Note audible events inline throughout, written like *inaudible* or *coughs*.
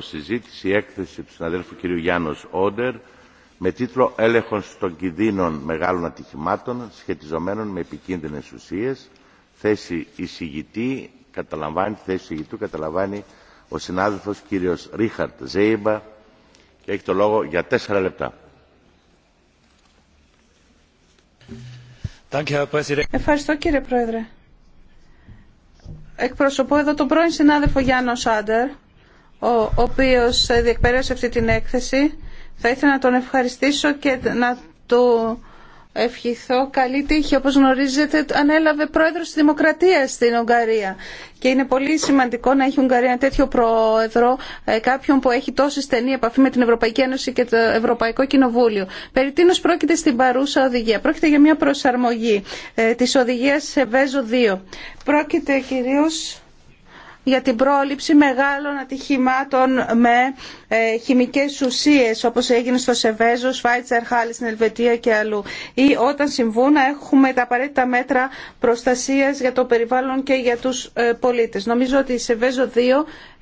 συζήτηση έκθεση του συναδέλφου κ. Γιάννος Όντερ με τίτλο «Έλεγχος των κινδύνων μεγάλων ατυχημάτων σχετιζομένων με επικίνδυνες ουσίες». Θέση εισηγητή, καταλαμβάνει, θέση εισηγητού καταλαμβάνει ο συνάδελφος κ. Ρίχαρτ Ζέιμπα και έχει το λόγο για τέσσερα λεπτά. Ευχαριστώ κύριε Πρόεδρε. Εκπροσωπώ εδώ τον πρώην συνάδελφο Γιάννο Σάντερ ο οποίος διεκπέρασε αυτή την έκθεση. Θα ήθελα να τον ευχαριστήσω και να του ευχηθώ καλή τύχη. Όπως γνωρίζετε ανέλαβε πρόεδρος της Δημοκρατίας στην Ουγγαρία και είναι πολύ σημαντικό να έχει η Ουγγαρία ένα τέτοιο πρόεδρο, ε, κάποιον που έχει τόση στενή επαφή με την Ευρωπαϊκή Ένωση και το Ευρωπαϊκό Κοινοβούλιο. Περί πρόκειται στην παρούσα οδηγία. Πρόκειται για μια προσαρμογή ε, της οδηγίας σε Βέζο 2. Πρόκειται κυρίως για την πρόληψη μεγάλων ατυχημάτων με ε, χημικές ουσίες όπως έγινε στο Σεβέζο, Σφάιτσαρ, Χάλη στην Ελβετία και αλλού ή όταν συμβούν να έχουμε τα απαραίτητα μέτρα προστασίας για το περιβάλλον και για τους ε, πολίτες. Νομίζω ότι η Σεβέζο 2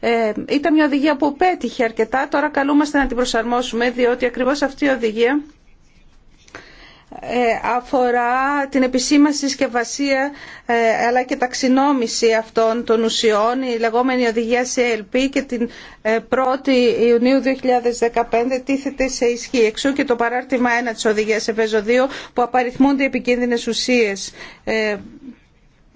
ε, ήταν μια οδηγία που πέτυχε αρκετά, τώρα καλούμαστε να την προσαρμόσουμε διότι ακριβώς αυτή η οδηγία ε, αφορά την επισήμαση συσκευασία ε, αλλά και ταξινόμηση αυτών των ουσιών, η λεγόμενη οδηγία CLP και την 1η ε, Ιουνίου 2015 τίθεται σε ισχύ. Εξού και το παράρτημα 1 της οδηγίας ΕΒΕΖΟ 2 που απαριθμούνται επικίνδυνες ουσίες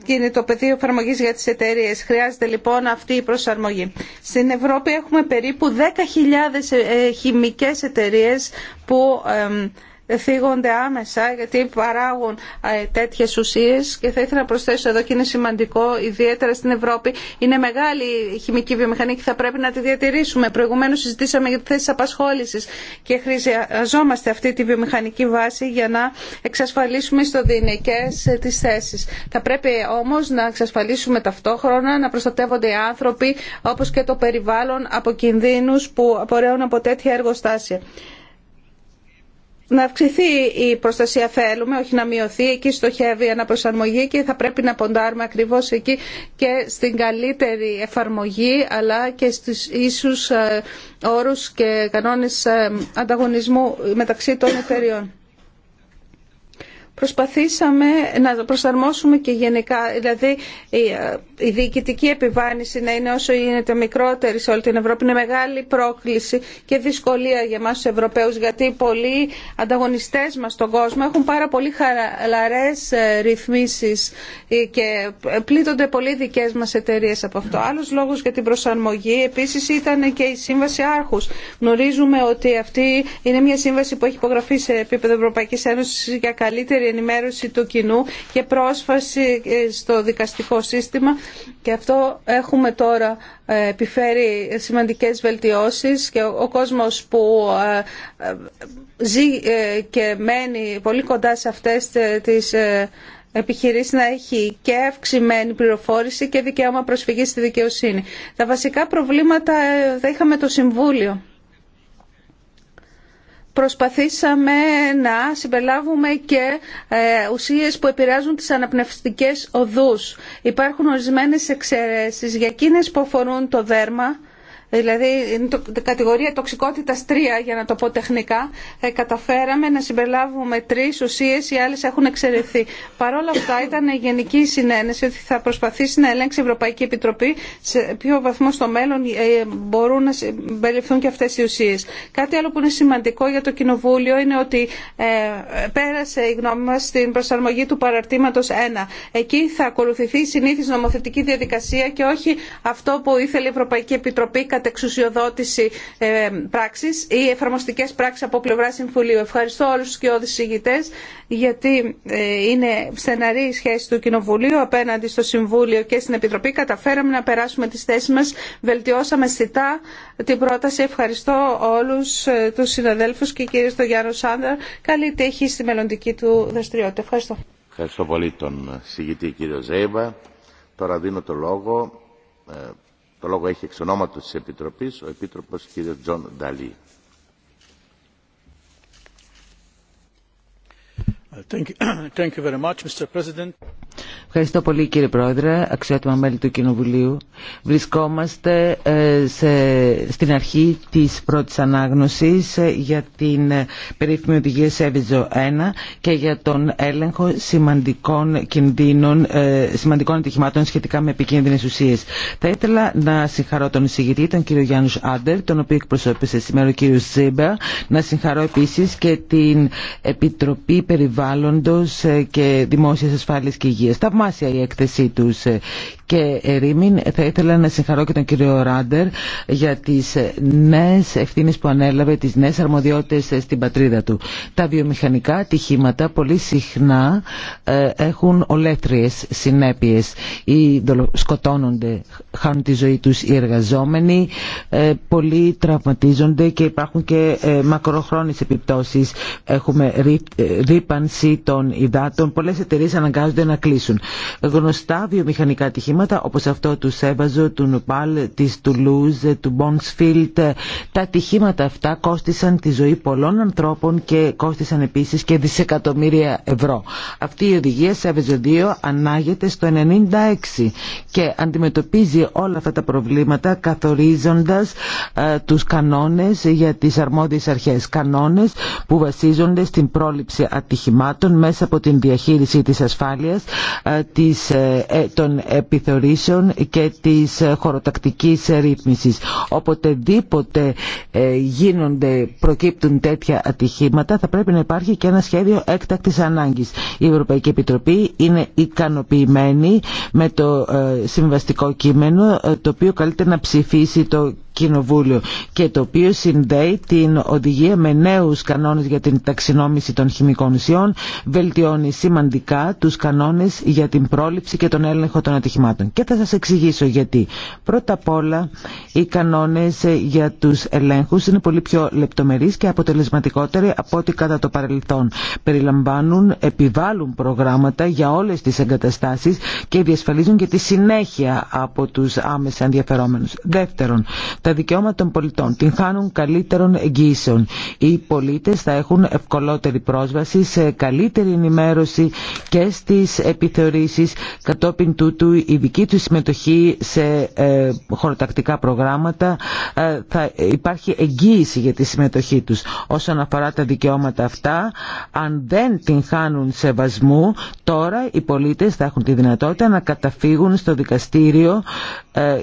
και είναι το πεδίο εφαρμογή για τις εταιρείε. Χρειάζεται λοιπόν αυτή η προσαρμογή. Στην Ευρώπη έχουμε περίπου 10.000 χημικές εταιρείε που θίγονται άμεσα γιατί παράγουν ε, τέτοιε ουσίε και θα ήθελα να προσθέσω εδώ και είναι σημαντικό ιδιαίτερα στην Ευρώπη είναι μεγάλη η χημική βιομηχανία και θα πρέπει να τη διατηρήσουμε. Προηγουμένω συζητήσαμε για τη θέση απασχόληση και χρειαζόμαστε αυτή τη βιομηχανική βάση για να εξασφαλίσουμε στο διηνικές ε, τι θέσει. Θα πρέπει όμω να εξασφαλίσουμε ταυτόχρονα να προστατεύονται οι άνθρωποι όπω και το περιβάλλον από κινδύνου που απορρέουν από τέτοια εργοστάσια να αυξηθεί η προστασία θέλουμε, όχι να μειωθεί. Εκεί στοχεύει η αναπροσαρμογή και θα πρέπει να ποντάρουμε ακριβώς εκεί και στην καλύτερη εφαρμογή αλλά και στις ίσους ε, όρους και κανόνες ε, ανταγωνισμού μεταξύ των εταιριών προσπαθήσαμε να προσαρμόσουμε και γενικά, δηλαδή ε, η διοικητική επιβάρυνση να είναι όσο γίνεται μικρότερη σε όλη την Ευρώπη είναι μεγάλη πρόκληση και δυσκολία για εμάς τους Ευρωπαίους γιατί πολλοί ανταγωνιστές μας στον κόσμο έχουν πάρα πολύ χαλαρές ε, ρυθμίσεις ε, και πλήττονται πολλοί δικές μας εταιρείε από αυτό. Άλλος λόγος για την προσαρμογή επίσης ήταν και η Σύμβαση Άρχους. Γνωρίζουμε ότι αυτή είναι μια σύμβαση που έχει υπογραφεί σε επίπεδο Ευρωπαϊκής Ένωσης για καλύτερη ενημέρωση του κοινού και πρόσφαση ε, στο δικαστικό σύστημα και αυτό έχουμε τώρα ε, επιφέρει σημαντικές βελτιώσεις και ο κόσμος που ε, ζει και μένει πολύ κοντά σε αυτές τις επιχειρήσει να έχει και αυξημένη πληροφόρηση και δικαίωμα προσφυγής στη δικαιοσύνη. Τα βασικά προβλήματα θα είχαμε το Συμβούλιο προσπαθήσαμε να συμπελάβουμε και ε, ουσίες που επηρεάζουν τις αναπνευστικές οδούς. Υπάρχουν ορισμένες εξαιρέσεις για εκείνες που αφορούν το δέρμα δηλαδή το, κατηγορία τοξικότητα 3 για να το πω τεχνικά, ε, καταφέραμε να συμπεριλάβουμε τρει ουσίε ή άλλε έχουν εξερευτεί. Παρ' όλα αυτά, ήταν οι γενική έχουν εξαιρεθεί. Παρ' όλα αυτά ήταν η γενική συνένεση ότι θα προσπαθήσει να ελέγξει η Ευρωπαϊκή Επιτροπή σε ποιο βαθμό στο μέλλον ε, μπορούν να συμπεριληφθούν και αυτέ οι ουσίε. Κάτι άλλο που είναι σημαντικό για το Κοινοβούλιο είναι ότι ε, πέρασε η γνώμη μα στην προσαρμογή του παραρτήματος 1. Εκεί θα ακολουθηθεί η συνήθι νομοθετική διαδικασία και όχι αυτό που ήθελε η Ευρωπαϊκή Επιτροπή εξουσιοδότηση ε, πράξης ή εφαρμοστικές πράξεις από πλευρά συμβουλίου. πράξη ε, η εφαρμοστικέ πράξει απο πλευρα συμβουλιου ευχαριστω ολους τους κοιοδη συγητέ, γιατι ειναι στεναρη η σχεση του Κοινοβουλίου απέναντι στο Συμβούλιο και στην Επιτροπή. Καταφέραμε να περάσουμε τι θέσει μα. βελτιώσαμε αισθητά την πρόταση. Ευχαριστώ όλους ε, του συναδέλφου και κυρίω τον Γιάννο Σάντερ. Καλή τύχη στη μελλοντική του δραστηριότητα. Ευχαριστώ. Ευχαριστώ πολύ τον συγητή κύριο Ζέιβα. Τώρα δίνω το λόγο το λόγο έχει εξ ονόματος της Επιτροπής ο Επίτροπος κ. Τζον Νταλή. *coughs* Ευχαριστώ πολύ κύριε Πρόεδρε, αξιότιμα μέλη του Κοινοβουλίου. Βρισκόμαστε ε, στην αρχή της πρώτης ανάγνωσης ε, για την ε, περίφημη οδηγία ΣΕΒΙΖΟ 1 και για τον έλεγχο σημαντικών κινδύνων, σημαντικών ατυχημάτων σχετικά με επικίνδυνες ουσίες. Θα ήθελα να συγχαρώ τον εισηγητή, τον κύριο Γιάννου Άντερ, τον οποίο εκπροσώπησε σήμερα ο κύριο Τζίμπερ, να συγχαρώ επίσης και την Επιτροπή Περιβάλλοντος περιβάλλοντος ε, και δημόσιας ασφάλειας και υγείας. Ταυμάσια η έκθεσή τους ε, και ερήμην. Θα ήθελα να συγχαρώ και τον κύριο Ράντερ για τις νέες ευθύνες που ανέλαβε, τις νέες αρμοδιότητες στην πατρίδα του. Τα βιομηχανικά ατυχήματα πολύ συχνά ε, έχουν ολέτριες συνέπειες. ή σκοτώνονται, χάνουν τη ζωή τους οι εργαζόμενοι, ε, πολλοί τραυματίζονται και υπάρχουν και ε, μακροχρόνιες επιπτώσεις. Έχουμε ρήπανση των υδάτων, πολλές εταιρείε αναγκάζονται να κλείσουν. Γνωστά βιομηχανικά ατυχήματα όπως αυτό του Σέβαζο, του Νουπάλ, της Τουλούζ, του Μπονσφίλτ. Τα ατυχήματα αυτά κόστησαν τη ζωή πολλών ανθρώπων και κόστησαν επίσης και δισεκατομμύρια ευρώ. Αυτή η οδηγία Σέβαζο 2 ανάγεται στο 96 και αντιμετωπίζει όλα αυτά τα προβλήματα καθορίζοντας ε, τους κανόνες για τις αρμόδιες αρχές. Κανόνες που βασίζονται στην πρόληψη ατυχημάτων μέσα από την διαχείριση της ασφάλειας, ε, της, ε, ε, των επιθέσεων επιθεωρήσεων και της χωροτακτικής ρύθμισης. Οποτεδήποτε ε, γίνονται, προκύπτουν τέτοια ατυχήματα θα πρέπει να υπάρχει και ένα σχέδιο έκτακτης ανάγκης. Η Ευρωπαϊκή Επιτροπή είναι ικανοποιημένη με το ε, συμβαστικό κείμενο ε, το οποίο καλείται να ψηφίσει το Κοινοβούλιο και το οποίο συνδέει την οδηγία με νέους κανόνες για την ταξινόμηση των χημικών ουσιών, βελτιώνει σημαντικά τους κανόνες για την πρόληψη και τον έλεγχο των ατυχημάτων. Και θα σας εξηγήσω γιατί. Πρώτα απ' όλα οι κανόνες για τους ελέγχους είναι πολύ πιο λεπτομερείς και αποτελεσματικότεροι από ό,τι κατά το παρελθόν. Περιλαμβάνουν, επιβάλλουν προγράμματα για όλες τις εγκαταστάσεις και διασφαλίζουν και τη συνέχεια από τους άμεσα ενδιαφερόμενους. Δεύτερον, τα δικαιώματα των πολιτών την χάνουν καλύτερων εγγύσεων. Οι πολίτες θα έχουν ευκολότερη πρόσβαση σε καλύτερη ενημέρωση και στις επιθεωρήσεις κατόπιν τούτου η δική του συμμετοχή σε ε, χωροτακτικά προγράμματα ε, θα υπάρχει εγγύηση για τη συμμετοχή τους. Όσον αφορά τα δικαιώματα αυτά, αν δεν την χάνουν σεβασμού, τώρα οι πολίτες θα έχουν τη δυνατότητα να καταφύγουν στο δικαστήριο ε,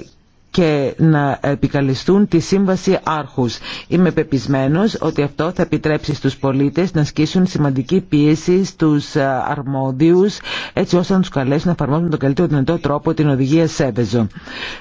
και να επικαλεστούν τη Σύμβαση Άρχους. Είμαι πεπισμένος ότι αυτό θα επιτρέψει στους πολίτες να ασκήσουν σημαντική πίεση στους ε, αρμόδιους έτσι ώστε να τους καλέσουν να εφαρμόσουν τον καλύτερο δυνατό τρόπο την οδηγία Σέβεζο,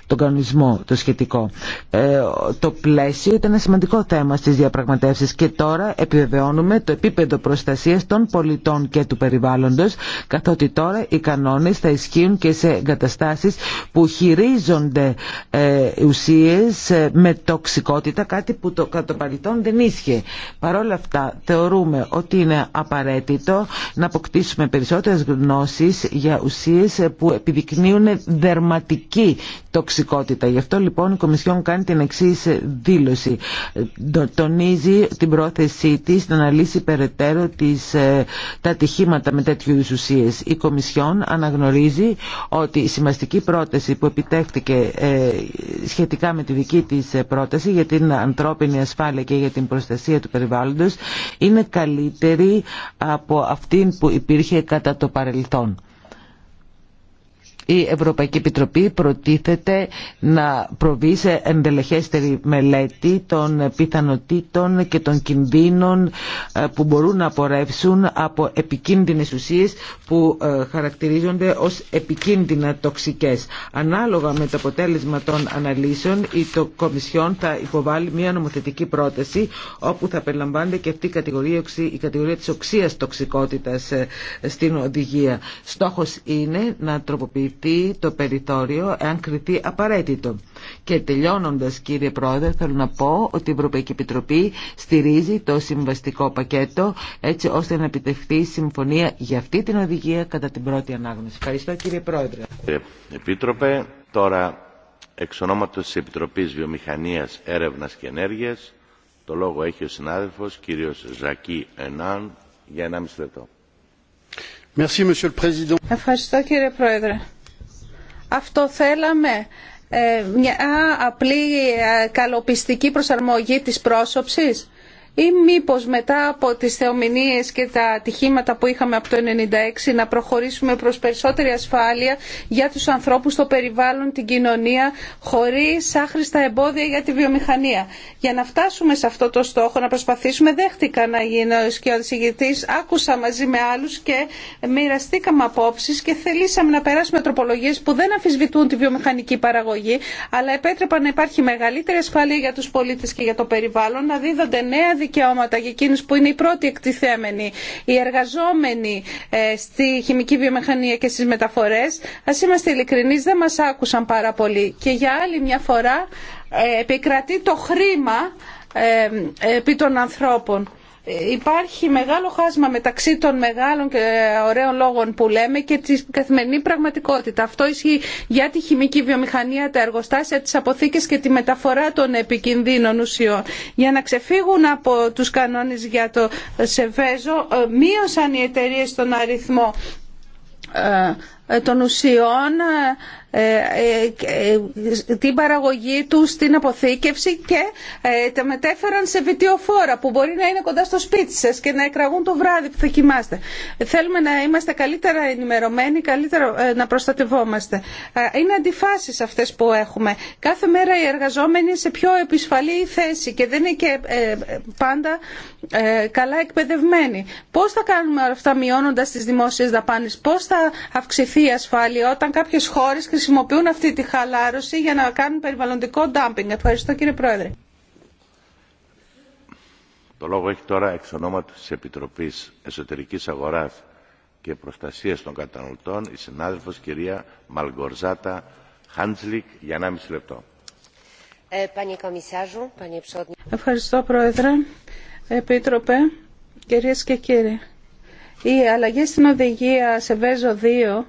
τον κανονισμό, το σχετικό. Ε, το πλαίσιο ήταν ένα σημαντικό θέμα στις διαπραγματεύσεις και τώρα επιβεβαιώνουμε το επίπεδο προστασίας των πολιτών και του περιβάλλοντος καθότι τώρα οι κανόνες θα ισχύουν και σε εγκαταστάσεις που χειρίζονται ε, ε, ουσίες ε, με τοξικότητα, κάτι που το κατά παρελθόν δεν ίσχυε. Παρόλα όλα αυτά θεωρούμε ότι είναι απαραίτητο να αποκτήσουμε περισσότερες γνώσεις για ουσίες ε, που επιδεικνύουν δερματική τοξικότητα. Γι' αυτό λοιπόν η Κομισιόν κάνει την εξή δήλωση. Τονίζει την πρόθεσή της να αναλύσει περαιτέρω τις, τα ατυχήματα με τέτοιου ουσίες. Η Κομισιόν αναγνωρίζει ότι η σημαστική πρόταση που επιτέχθηκε σχετικά με τη δική της ε, πρόταση για την ανθρώπινη ασφάλεια και για την προστασία του περιβάλλοντος είναι καλύτερη από αυτήν που υπήρχε κατά το παρελθόν η Ευρωπαϊκή Επιτροπή προτίθεται να προβεί σε εντελεχέστερη μελέτη των πιθανοτήτων και των κινδύνων ε, που μπορούν να απορρεύσουν από επικίνδυνες ουσίες που ε, χαρακτηρίζονται ως επικίνδυνα τοξικές. Ανάλογα με το αποτέλεσμα των αναλύσεων, η το Κομισιόν θα υποβάλει μια νομοθετική πρόταση όπου θα περιλαμβάνεται και αυτή η κατηγορία, η κατηγορία της οξίας τοξικότητας ε, στην οδηγία. Στόχος είναι να τροποποιηθεί αυξηθεί το περιθώριο εάν κριθεί απαραίτητο. Και τελειώνοντας κύριε Πρόεδρε θέλω να πω ότι η Ευρωπαϊκή Επιτροπή στηρίζει το συμβαστικό πακέτο έτσι ώστε να επιτευχθεί συμφωνία για αυτή την οδηγία κατά την πρώτη ανάγνωση. Ευχαριστώ κύριε Πρόεδρε. Ε, Επίτροπε, τώρα εξ ονόματος της Επιτροπής Βιομηχανίας, Έρευνας και Ενέργειας το λόγο έχει ο συνάδελφος κύριος Ζακί Ενάν για 1,5 λεπτό. Ευχαριστώ κύριε Πρόεδρε. Αυτό θέλαμε. Ε, μια απλή ε, καλοπιστική προσαρμογή της πρόσωψης ή μήπω μετά από τι θεομηνίες και τα ατυχήματα που είχαμε από το 1996 να προχωρήσουμε προ περισσότερη ασφάλεια για του ανθρώπου το περιβάλλον, την κοινωνία χωρί άχρηστα εμπόδια για τη βιομηχανία. Για να φτάσουμε σε αυτό το στόχο, να προσπαθήσουμε, δέχτηκα να γίνω ο ηγητής, άκουσα μαζί με άλλου και μοιραστήκαμε απόψει και θελήσαμε να περάσουμε τροπολογίε που δεν αμφισβητούν τη βιομηχανική παραγωγή, αλλά επέτρεπαν να υπάρχει μεγαλύτερη ασφάλεια για του πολίτε και για το περιβάλλον, να δίδονται νέα δικαιώματα για εκείνους που είναι οι πρώτοι εκτιθέμενοι, οι εργαζόμενοι ε, στη χημική βιομηχανία και στις μεταφορές. Ας είμαστε ειλικρινείς, δεν μας άκουσαν πάρα πολύ. Και για άλλη μια φορά ε, επικρατεί το χρήμα ε, επί των ανθρώπων υπάρχει μεγάλο χάσμα μεταξύ των μεγάλων και ωραίων λόγων που λέμε και της καθημερινή πραγματικότητα. Αυτό ισχύει για τη χημική βιομηχανία, τα εργοστάσια, τις αποθήκε και τη μεταφορά των επικινδύνων ουσιών. Για να ξεφύγουν από τους κανόνες για το Σεβέζο, ε, μείωσαν οι εταιρείε τον αριθμό ε, ε, των ουσιών ε, ε, την παραγωγή του στην αποθήκευση και ε, τα μετέφεραν σε βιτιοφόρα που μπορεί να είναι κοντά στο σπίτι σας και να εκραγούν το βράδυ που θα κοιμάστε. Θέλουμε να είμαστε καλύτερα ενημερωμένοι, καλύτερα να προστατευόμαστε. Είναι αντιφάσεις αυτές που έχουμε. Κάθε μέρα οι εργαζόμενοι σε πιο επισφαλή θέση και δεν είναι και πάντα καλά εκπαιδευμένοι. Πώς θα κάνουμε όλα αυτά μειώνοντας τις δημόσιες δαπάνες, πώς θα αυξηθεί η ασφάλεια όταν κάποιες χώρες χρησιμοποιούν αυτή τη χαλάρωση για να κάνουν περιβαλλοντικό ντάμπινγκ. Ευχαριστώ κύριε Πρόεδρε. Το λόγο έχει τώρα εξ ονόματος της Επιτροπής Εσωτερικής Αγοράς και Προστασίας των Καταναλωτών η συνάδελφος κυρία Μαλγκορζάτα Χάντζλικ για 1,5 λεπτό. Ε, Ευχαριστώ Πρόεδρε. Επίτροπε, κυρίες και κύριοι. Η αλλαγή στην οδηγία σε Βέζο 2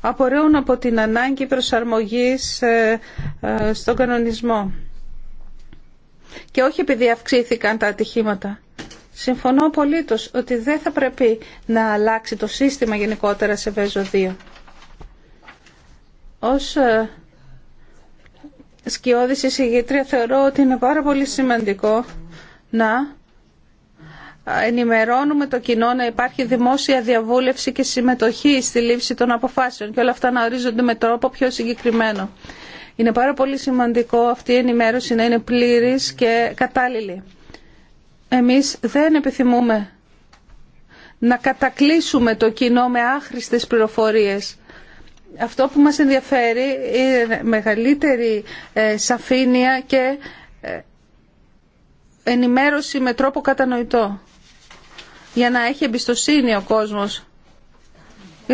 απορρέουν από την ανάγκη προσαρμογής ε, ε, στον κανονισμό και όχι επειδή αυξήθηκαν τα ατυχήματα. Συμφωνώ απολύτως ότι δεν θα πρέπει να αλλάξει το σύστημα γενικότερα σε ΒΕΖΟ 2. Ως ε, σκιώδης εισηγήτρια θεωρώ ότι είναι πάρα πολύ σημαντικό να ενημερώνουμε το κοινό να υπάρχει δημόσια διαβούλευση και συμμετοχή στη λήψη των αποφάσεων και όλα αυτά να ορίζονται με τρόπο πιο συγκεκριμένο. Είναι πάρα πολύ σημαντικό αυτή η ενημέρωση να είναι πλήρης και κατάλληλη. Εμείς δεν επιθυμούμε να κατακλείσουμε το κοινό με άχρηστες πληροφορίες. Αυτό που μας ενδιαφέρει είναι μεγαλύτερη ε, σαφήνεια και ε, ενημέρωση με τρόπο κατανοητό για να έχει εμπιστοσύνη ο κόσμος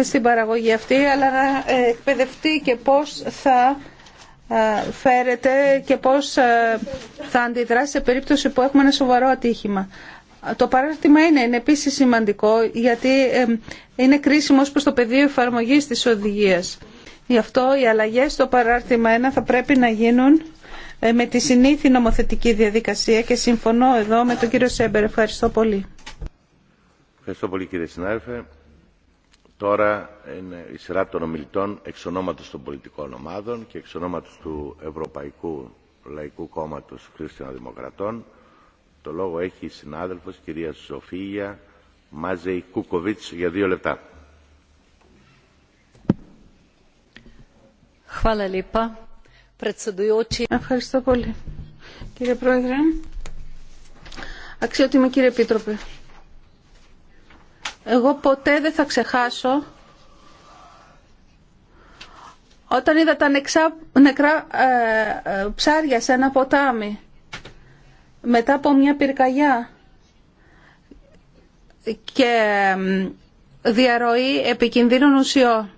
στην παραγωγή αυτή αλλά να εκπαιδευτεί και πώς θα φέρεται και πώς θα αντιδράσει σε περίπτωση που έχουμε ένα σοβαρό ατύχημα. Το παράρτημα είναι, είναι επίσης σημαντικό γιατί είναι κρίσιμο προς το πεδίο εφαρμογής της οδηγίας. Γι' αυτό οι αλλαγές στο παράρτημα 1 θα πρέπει να γίνουν ε, με τη συνήθη νομοθετική διαδικασία και συμφωνώ εδώ με τον κύριο Σέμπερ. Ευχαριστώ πολύ. Ευχαριστώ πολύ κύριε συνάδελφε. Τώρα είναι η σειρά των ομιλητών εξ ονόματος των πολιτικών ομάδων και εξ ονόματος του Ευρωπαϊκού Λαϊκού Κόμματος Χριστιανοδημοκρατών. Δημοκρατών. Το λόγο έχει η συνάδελφος κυρία Σοφία Μάζεϊ Κούκοβιτς για δύο λεπτά. Ευχαριστώ πολύ. Κύριε Πρόεδρε, Αξιότιμο κύριε Επίτροπε, εγώ ποτέ δεν θα ξεχάσω όταν είδα τα νεκρά ε, ε, ψάρια σε ένα ποτάμι μετά από μια πυρκαγιά και διαρροή επικινδύνων ουσιών.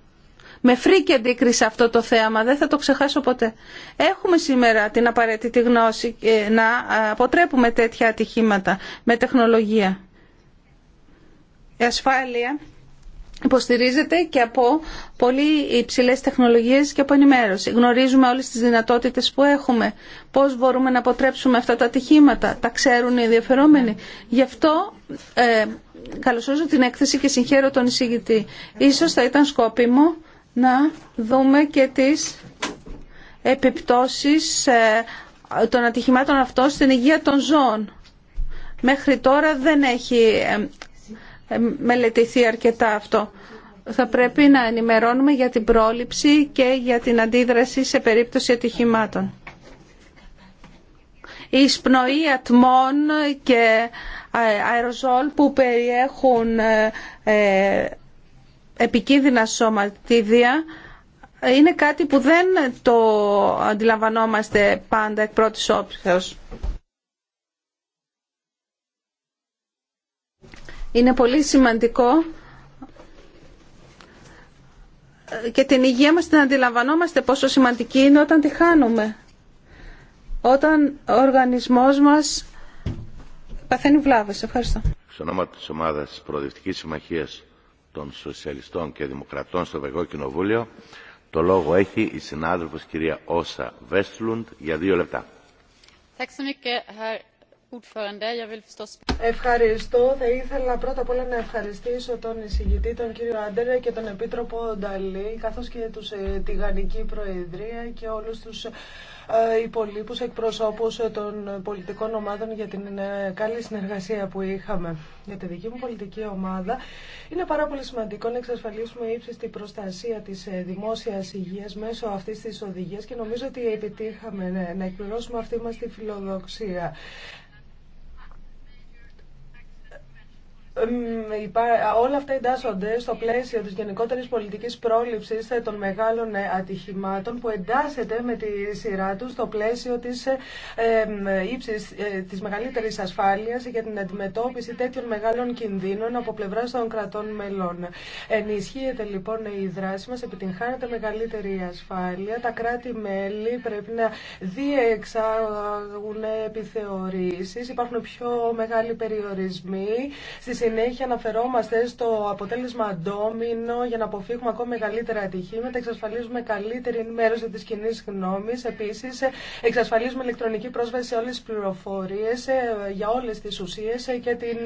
Με φρίκη αντίκρισε αυτό το θέαμα, δεν θα το ξεχάσω ποτέ. Έχουμε σήμερα την απαραίτητη γνώση ε, να αποτρέπουμε τέτοια ατυχήματα με τεχνολογία. Η ασφάλεια υποστηρίζεται και από πολύ υψηλέ τεχνολογίες και από ενημέρωση. Γνωρίζουμε όλε τις δυνατότητες που έχουμε, πώς μπορούμε να αποτρέψουμε αυτά τα ατυχήματα, τα ξέρουν οι ενδιαφερόμενοι. Γι' αυτό ε, την έκθεση και συγχαίρω τον εισηγητή. Ίσως θα ήταν σκόπιμο να δούμε και τις επιπτώσεις ε, των ατυχημάτων αυτών στην υγεία των ζώων. Μέχρι τώρα δεν έχει ε, ε, μελετηθεί αρκετά αυτό. Θα πρέπει να ενημερώνουμε για την πρόληψη και για την αντίδραση σε περίπτωση ατυχημάτων. Η εισπνοή ατμών και αεροζόλ που περιέχουν επικίνδυνα σωματίδια είναι κάτι που δεν το αντιλαμβανόμαστε πάντα εκ πρώτης όψεως. Είναι πολύ σημαντικό και την υγεία μας την αντιλαμβανόμαστε πόσο σημαντική είναι όταν τη χάνουμε. Όταν ο οργανισμός μας παθαίνει βλάβες. Ευχαριστώ. Στο όνομα της ομάδας Προοδευτικής Συμμαχίας των Σοσιαλιστών και Δημοκρατών στο Ευρωπαϊκό Κοινοβούλιο. Το λόγο έχει η συνάδελφος κυρία Όσα Βέστλουντ για δύο λεπτά. Ευχαριστώ. Θα ήθελα πρώτα απ' όλα να ευχαριστήσω τον εισηγητή, τον κύριο Άντερε και τον Επίτροπο Νταλή, καθώς και τους, ε, τη Γανική Προεδρία και όλους τους ε, υπολείπους εκπροσώπους ε, των πολιτικών ομάδων για την ε, καλή συνεργασία που είχαμε. Για τη δική μου πολιτική ομάδα είναι πάρα πολύ σημαντικό να εξασφαλίσουμε ύψιστη προστασία της δημόσιας υγείας μέσω αυτής της οδηγίας και νομίζω ότι επιτύχαμε ναι, να εκπληρώσουμε αυτή μας τη φιλοδοξία. όλα αυτά εντάσσονται στο πλαίσιο της γενικότερης πολιτικής πρόληψης των μεγάλων ε, ατυχημάτων που εντάσσεται με τη σειρά του στο πλαίσιο της ε, ε, της μεγαλύτερης ασφάλειας για την αντιμετώπιση τέτοιων μεγάλων κινδύνων από πλευρά των κρατών μελών. Ενισχύεται λοιπόν η δράση μας, επιτυγχάνεται μεγαλύτερη ασφάλεια. Τα κράτη-μέλη πρέπει να διεξάγουν επιθεωρήσεις. Υπάρχουν πιο μεγάλοι περιορισμοί στις συνέχεια αναφερόμαστε στο αποτέλεσμα ντόμινο για να αποφύγουμε ακόμη μεγαλύτερα ατυχήματα. Εξασφαλίζουμε καλύτερη ενημέρωση τη κοινή γνώμη. Επίση, εξασφαλίζουμε ηλεκτρονική πρόσβαση σε όλε τι πληροφορίε ε, για όλε τι ουσίε ε, και την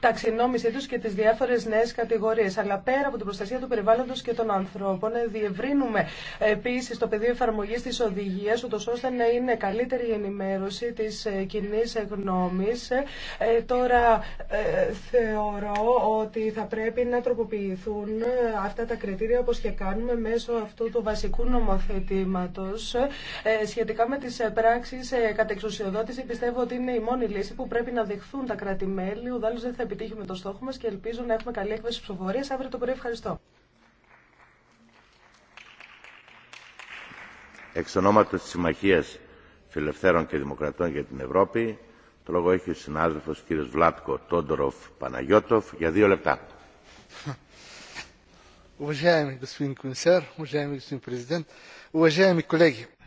ταξινόμησή του και τι διάφορε νέε κατηγορίε. Αλλά πέρα από την προστασία του περιβάλλοντο και των ανθρώπων, ε, διευρύνουμε επίση το πεδίο εφαρμογή τη οδηγία, ούτω ώστε να είναι καλύτερη η ενημέρωση τη κοινή γνώμη. τώρα, θεωρώ θεωρώ ότι θα πρέπει να τροποποιηθούν ε, αυτά τα κριτήρια όπως και κάνουμε μέσω αυτού του βασικού νομοθετήματος ε, σχετικά με τις ε, πράξεις κατεξουσιοδότηση πιστεύω ότι είναι η μόνη λύση που πρέπει να δεχθούν τα κράτη-μέλη ουδάλλως δεν θα επιτύχουμε το στόχο μας και ελπίζω να έχουμε καλή έκβαση ψηφοφορίας αύριο το πρωί ευχαριστώ Εξ ονόματος της Συμμαχίας και Δημοκρατών για την Ευρώπη το λόγο έχει ο συνάδελφος κύριος Βλάτκο Τόντοροφ Παναγιώτοφ για δύο λεπτά.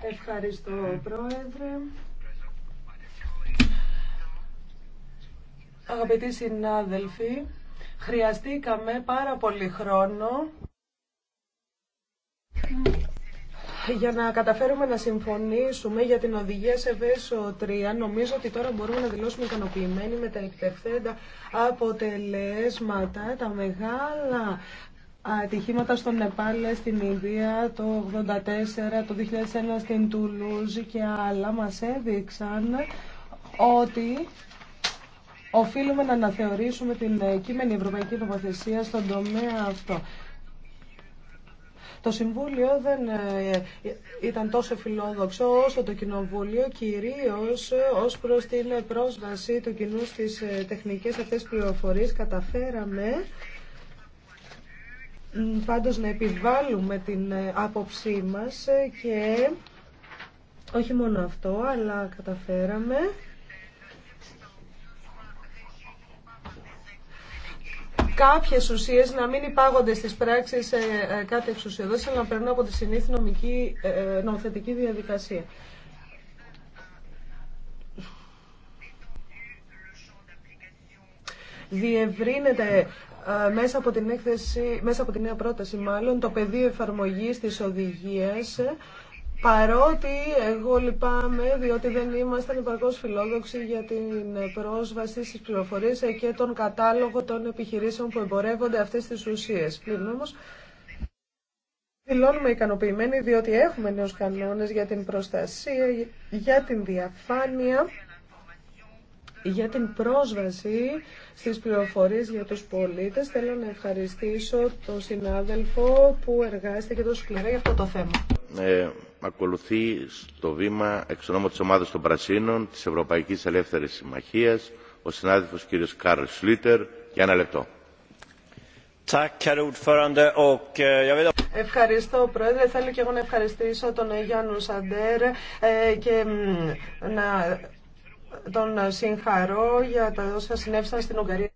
Ευχαριστώ, Πρόεδρε. Αγαπητοί συνάδελφοι, χρειαστήκαμε πάρα πολύ χρόνο για να καταφέρουμε να συμφωνήσουμε για την οδηγία σε ΒΕΣΟ 3, νομίζω ότι τώρα μπορούμε να δηλώσουμε ικανοποιημένοι με τα εκτευθέντα αποτελέσματα, τα μεγάλα ατυχήματα στο Νεπάλ, στην Ινδία, το 1984, το 2001 στην Τουλούζη και άλλα μας έδειξαν ότι οφείλουμε να αναθεωρήσουμε την κείμενη ευρωπαϊκή νομοθεσία στον τομέα αυτό. Το Συμβούλιο δεν ε, ε, ήταν τόσο φιλόδοξο όσο το Κοινοβούλιο, κυρίως ε, ως προς την πρόσβαση του κοινού στις τεχνικές αυτές πληροφορίες. Καταφέραμε πάντως να επιβάλλουμε την άποψή μας και όχι μόνο αυτό, αλλά καταφέραμε Κάποιε ουσίε να μην υπάγονται στι πράξει ε, ε, κάτι εξουσιοδότηση, αλλά να περνούν από τη συνήθη νομική, ε, ε νομοθετική διαδικασία. Διευρύνεται ε, μέσα από την έκθεση, μέσα από την νέα πρόταση μάλλον, το πεδίο εφαρμογής της οδηγίας Παρότι εγώ λυπάμαι, διότι δεν ήμασταν υπαρκώ φιλόδοξοι για την πρόσβαση στις πληροφορίες και τον κατάλογο των επιχειρήσεων που εμπορεύονται αυτές τις ουσίες. Πλην όμω, δηλώνουμε ικανοποιημένοι διότι έχουμε νέους κανόνες για την προστασία, για την διαφάνεια, για την πρόσβαση στις πληροφορίες για τους πολίτες. Θέλω να ευχαριστήσω τον συνάδελφο που εργάστηκε τόσο σκληρά για αυτό το θέμα. Ε, ακολουθεί στο βήμα εξ ονόμου της ομάδας των Πρασίνων της Ευρωπαϊκής Ελεύθερης Συμμαχίας ο συνάδελφος κ. Κάρλ Σλίτερ για ένα λεπτό. Eh, Ευχαριστώ Πρόεδρε. Θέλω και εγώ να ευχαριστήσω τον Γιάννου Σαντέρ ε, και να τον συγχαρώ για τα όσα συνέβησαν στην Ουγγαρία.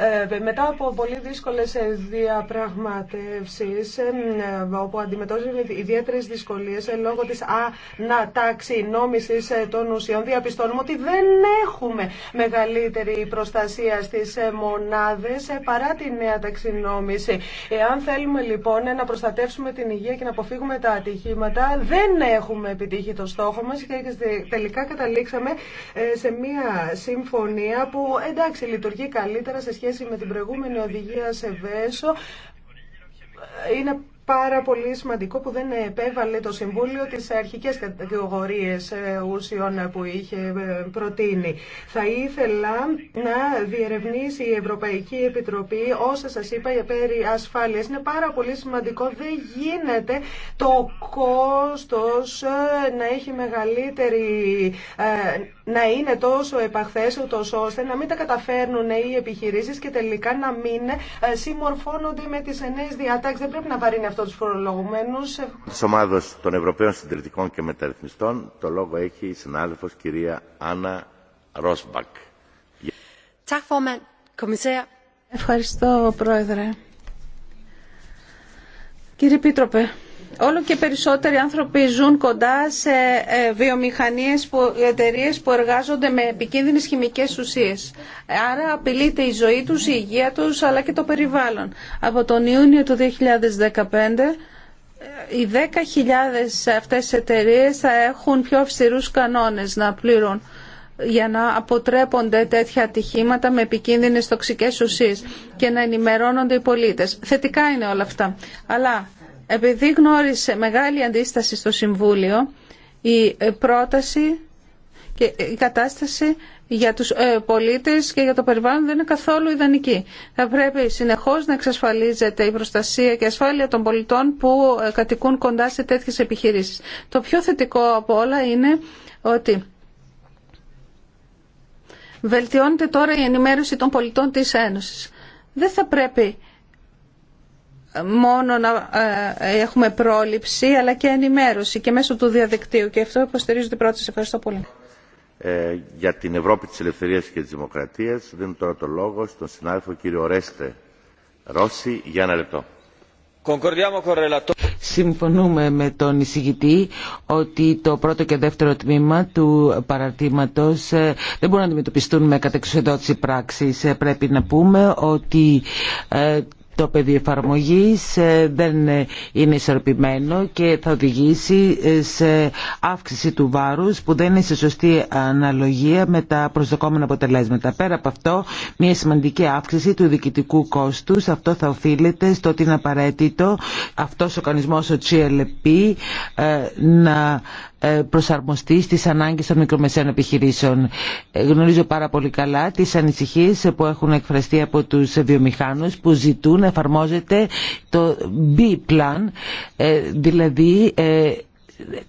Ε, μετά από πολύ δύσκολες ε, διαπραγματεύσεις ε, όπου αντιμετώπισαν ιδιαίτερες δυσκολίες λόγω της αναταξινόμησης των ουσιών διαπιστώνουμε ότι δεν έχουμε μεγαλύτερη προστασία στις μονάδες παρά τη νέα ταξινόμηση. Εάν θέλουμε λοιπόν να προστατεύσουμε την υγεία και να αποφύγουμε τα ατυχήματα δεν έχουμε επιτύχει το στόχο μας και τελικά καταλήξαμε σε μια συμφωνία που εντάξει λειτουργεί καλύτερα σε σχέση σχέση με την προηγούμενη οδηγία σε ΒΕΣΟ είναι πάρα πολύ σημαντικό που δεν επέβαλε το Συμβούλιο τις αρχικές κατηγορίες ε, ουσιών που είχε ε, προτείνει. Θα ήθελα να διερευνήσει η Ευρωπαϊκή Επιτροπή όσα σας είπα για περί ασφάλειας. Είναι πάρα πολύ σημαντικό. Δεν γίνεται το κόστος ε, να έχει μεγαλύτερη να είναι τόσο επαχθές ούτως ώστε να μην τα καταφέρνουν οι επιχειρήσεις και τελικά να μην συμμορφώνονται με τις νέες διατάξεις. Δεν πρέπει να βαρύνει αυτό αυτό τους φορολογουμένους. Της ομάδος των Ευρωπαίων Συντηρητικών και Μεταρρυθμιστών το λόγο έχει η συνάδελφος κυρία Άννα Ρόσμπακ. Ευχαριστώ Πρόεδρε. Κύριε Πίτροπε, όλο και περισσότεροι άνθρωποι ζουν κοντά σε ε, βιομηχανίες, που, εταιρείες που εργάζονται με επικίνδυνες χημικές ουσίες. Άρα απειλείται η ζωή τους, η υγεία τους, αλλά και το περιβάλλον. Από τον Ιούνιο του 2015... Ε, οι 10.000 αυτές εταιρείες θα έχουν πιο αυστηρούς κανόνες να πληρούν για να αποτρέπονται τέτοια ατυχήματα με επικίνδυνες τοξικές ουσίες και να ενημερώνονται οι πολίτες. Θετικά είναι όλα αυτά. Αλλά επειδή γνώρισε μεγάλη αντίσταση στο Συμβούλιο, η πρόταση και η κατάσταση για τους ε, πολίτες και για το περιβάλλον δεν είναι καθόλου ιδανική. Θα πρέπει συνεχώς να εξασφαλίζεται η προστασία και ασφάλεια των πολιτών που ε, κατοικούν κοντά σε τέτοιες επιχειρήσεις. Το πιο θετικό από όλα είναι ότι βελτιώνεται τώρα η ενημέρωση των πολιτών της Ένωσης. Δεν θα πρέπει μόνο να ε, έχουμε πρόληψη αλλά και ενημέρωση και μέσω του διαδικτύου και αυτό υποστηρίζω την πρόταση. Ευχαριστώ πολύ. Ε, για την Ευρώπη της Ελευθερίας και της Δημοκρατίας δίνω τώρα το λόγο στον συνάδελφο κύριο Ρέστε Ρώση για ένα λεπτό. Συμφωνούμε με τον εισηγητή ότι το πρώτο και δεύτερο τμήμα του παραρτήματος ε, δεν μπορούν να αντιμετωπιστούν με κατεξουσιοδότηση πράξης. Ε, πρέπει να πούμε ότι το πεδίο εφαρμογή ε, δεν ε, είναι ισορροπημένο και θα οδηγήσει ε, σε αύξηση του βάρους που δεν είναι σε σωστή αναλογία με τα προσδοκόμενα αποτελέσματα. Πέρα από αυτό, μια σημαντική αύξηση του διοικητικού κόστους, αυτό θα οφείλεται στο ότι είναι απαραίτητο αυτός ο οργανισμός, ο CLP, να ε, προσαρμοστεί στις ανάγκες των μικρομεσαίων επιχειρήσεων. Ε, γνωρίζω πάρα πολύ καλά τις ανησυχίες που έχουν εκφραστεί από τους βιομηχάνους που ζητούν εφαρμόζεται το B-Plan, ε, δηλαδή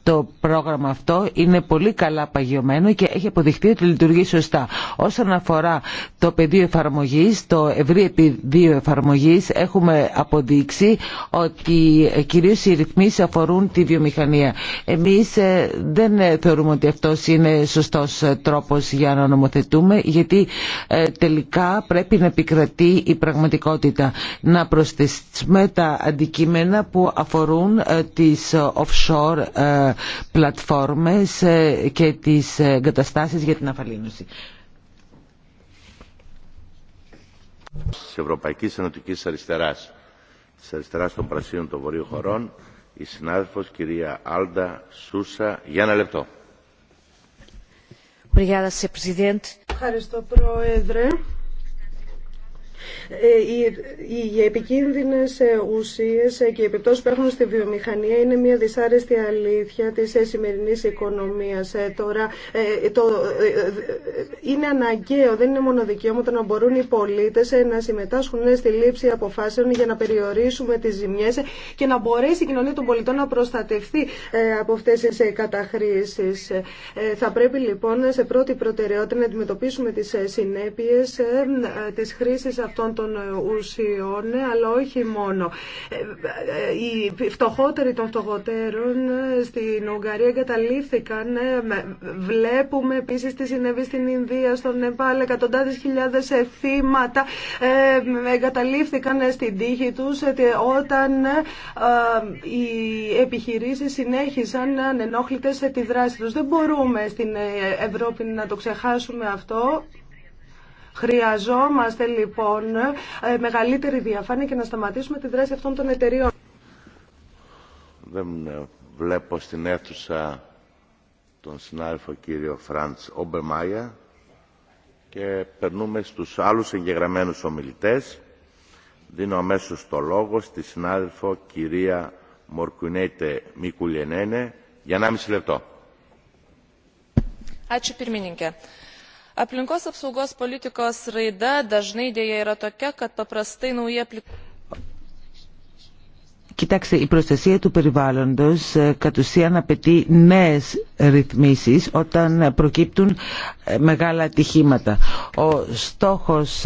το πρόγραμμα αυτό είναι πολύ καλά παγιωμένο και έχει αποδειχτεί ότι λειτουργεί σωστά. Όσον αφορά το πεδίο εφαρμογής, το ευρύ πεδίο εφαρμογής, έχουμε αποδείξει ότι κυρίως οι ρυθμίσεις αφορούν τη βιομηχανία. Εμείς ε, δεν ε, θεωρούμε ότι αυτός είναι σωστός ε, τρόπος για να νομοθετούμε, γιατί τελικά πρέπει να επικρατεί η πραγματικότητα. Να προσθέσουμε τα αντικείμενα που αφορούν τις offshore ε, πλατφόρμες ε, και τις εγκαταστάσεις για την αφαλήνωση. Της Ευρωπαϊκή Ενωτικής Αριστεράς, της Αριστεράς των πρασίων των Βορείων Χωρών, η συνάδελφος κυρία Άλντα Σούσα. Για ένα λεπτό. Ευχαριστώ, Πρόεδρε. Ε, οι επικίνδυνε ε, ουσίε ε, και οι επιπτώσει που έχουν στη βιομηχανία είναι μια δυσάρεστη αλήθεια της σημερινής οικονομίας. Τώρα, είναι αναγκαίο, δεν είναι μόνο δικαίωμα να μπορούν οι πολίτες να συμμετάσχουν στη λήψη αποφάσεων για να περιορίσουμε τις ζημιές και να μπορέσει η κοινωνία των πολιτών να προστατευτεί από αυτέ τι καταχρήσεις. Θα πρέπει λοιπόν σε πρώτη προτεραιότητα να αντιμετωπίσουμε τι τις συνέπειες της χρήσης αυτών των ε, ουσιών, ε, αλλά όχι μόνο. Ε, οι φτωχότεροι των φτωχότερων στην Ουγγαρία εγκαταλείφθηκαν. Βλέπουμε επίσης τι συνέβη στην Ινδία, στον Νεπάλ, εκατοντάδες χιλιάδες θύματα εγκαταλείφθηκαν στην τύχη τους όταν οι επιχειρήσεις συνέχισαν ανενόχλητες τη δράση τους. Δεν μπορούμε στην Ευρώπη να το ξεχάσουμε αυτό. Χρειαζόμαστε λοιπόν ε, μεγαλύτερη διαφάνεια και να σταματήσουμε τη δράση αυτών των εταιριών. Δεν βλέπω στην αίθουσα τον συνάδελφο κύριο Φραντς Ομπεμάια και περνούμε στους άλλους εγγεγραμμένους ομιλητές. Δίνω αμέσω το λόγο στη συνάδελφο κυρία Μορκουνέιτε Μικουλιενένε για 1,5 λεπτό aplinkos apsaugos politikos raida dažnai dėja yra tokia kad paprastai nauji Κοιτάξτε, η προστασία του περιβάλλοντος κατ' ουσίαν απαιτεί νέες ρυθμίσεις όταν προκύπτουν μεγάλα ατυχήματα. Ο στόχος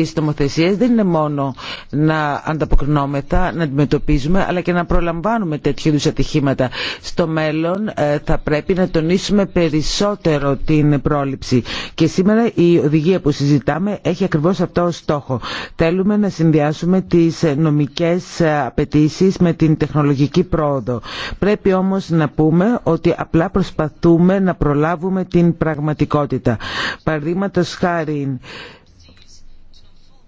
της νομοθεσίας δεν είναι μόνο να ανταποκρινόμεθα, να αντιμετωπίζουμε, αλλά και να προλαμβάνουμε τέτοιου είδους ατυχήματα. Στο μέλλον ε, θα πρέπει να τονίσουμε περισσότερο την πρόληψη. Και σήμερα η οδηγία που συζητάμε έχει ακριβώς αυτό ως στόχο. Θέλουμε να συνδυάσουμε τις νομικές απαιτήσει με την τεχνολογική πρόοδο. Πρέπει όμως να πούμε ότι απλά προσπαθούμε να προλάβουμε την πραγματικότητα. Παραδείγματο χάρη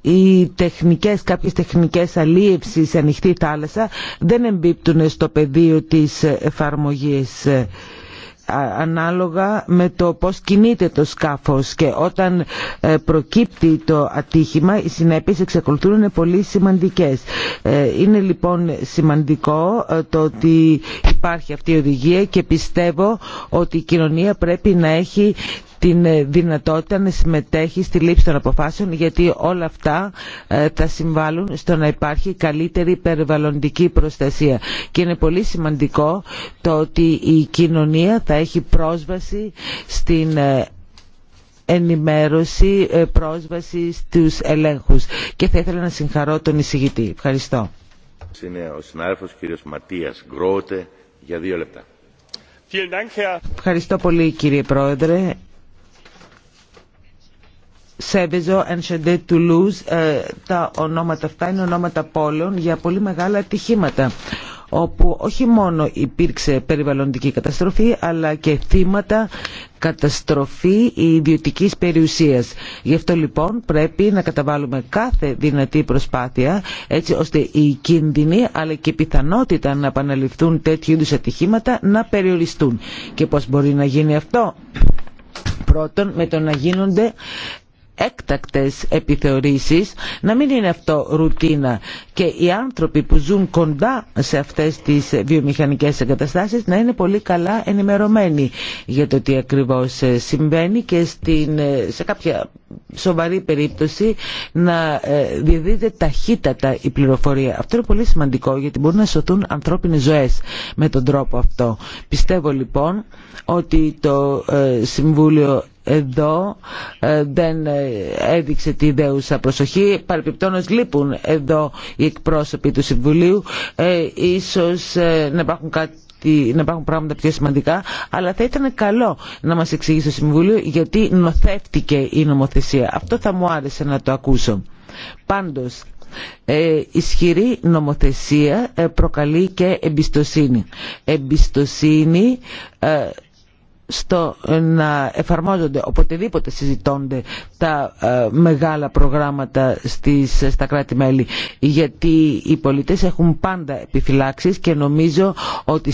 οι τεχνικές, κάποιες τεχνικές αλίευσης σε ανοιχτή θάλασσα δεν εμπίπτουν στο πεδίο της εφαρμογής ανάλογα με το πώς κινείται το σκάφος και όταν ε, προκύπτει το ατύχημα οι συνέπειες εξακολουθούν είναι πολύ σημαντικές. Ε, είναι λοιπόν σημαντικό ε, το ότι υπάρχει αυτή η οδηγία και πιστεύω ότι η κοινωνία πρέπει να έχει την ε, δυνατότητα να συμμετέχει στη λήψη των αποφάσεων γιατί όλα αυτά ε, θα συμβάλλουν στο να υπάρχει καλύτερη περιβαλλοντική προστασία. Και είναι πολύ σημαντικό το ότι η κοινωνία θα έχει πρόσβαση στην ε, ενημέρωση, πρόσβαση στους ελέγχους. Και θα ήθελα να συγχαρώ τον εισηγητή. Ευχαριστώ. Είναι ο συνάδελφος Ματίας για λεπτά. Ευχαριστώ πολύ κύριε Πρόεδρε. Σέβεζο, Ενσεντέ, τουλούς ε, τα ονόματα αυτά είναι ονόματα πόλεων για πολύ μεγάλα ατυχήματα όπου όχι μόνο υπήρξε περιβαλλοντική καταστροφή αλλά και θύματα καταστροφή ιδιωτικής περιουσίας. Γι' αυτό λοιπόν πρέπει να καταβάλουμε κάθε δυνατή προσπάθεια έτσι ώστε οι κίνδυνοι αλλά και η πιθανότητα να επαναληφθούν τέτοιου είδους ατυχήματα να περιοριστούν. Και πώς μπορεί να γίνει αυτό πρώτον με το να γίνονται έκτακτες επιθεωρήσεις να μην είναι αυτό ρουτίνα και οι άνθρωποι που ζουν κοντά σε αυτές τις βιομηχανικές εγκαταστάσεις να είναι πολύ καλά ενημερωμένοι για το τι ακριβώς συμβαίνει και στην, σε κάποια σοβαρή περίπτωση να ε, διαδίδεται ταχύτατα η πληροφορία. Αυτό είναι πολύ σημαντικό γιατί μπορούν να σωθούν ανθρώπινες ζωές με τον τρόπο αυτό. Πιστεύω λοιπόν ότι το ε, Συμβούλιο εδώ ε, δεν ε, έδειξε τη δέουσα προσοχή. Παρεπιπτόνως λείπουν εδώ οι εκπρόσωποι του Συμβουλίου. Ε, ίσως να υπάρχουν κάτι να υπάρχουν πράγματα πιο σημαντικά, αλλά θα ήταν καλό να μας εξηγήσει το Συμβούλιο γιατί νοθεύτηκε η νομοθεσία. Αυτό θα μου άρεσε να το ακούσω. Πάντως, ε, ισχυρή νομοθεσία προκαλεί και εμπιστοσύνη. Εμπιστοσύνη στο να εφαρμόζονται οποτεδήποτε συζητώνται τα ε, μεγάλα προγράμματα στις, στα κράτη-μέλη γιατί οι πολίτες έχουν πάντα επιφυλάξεις και νομίζω ότι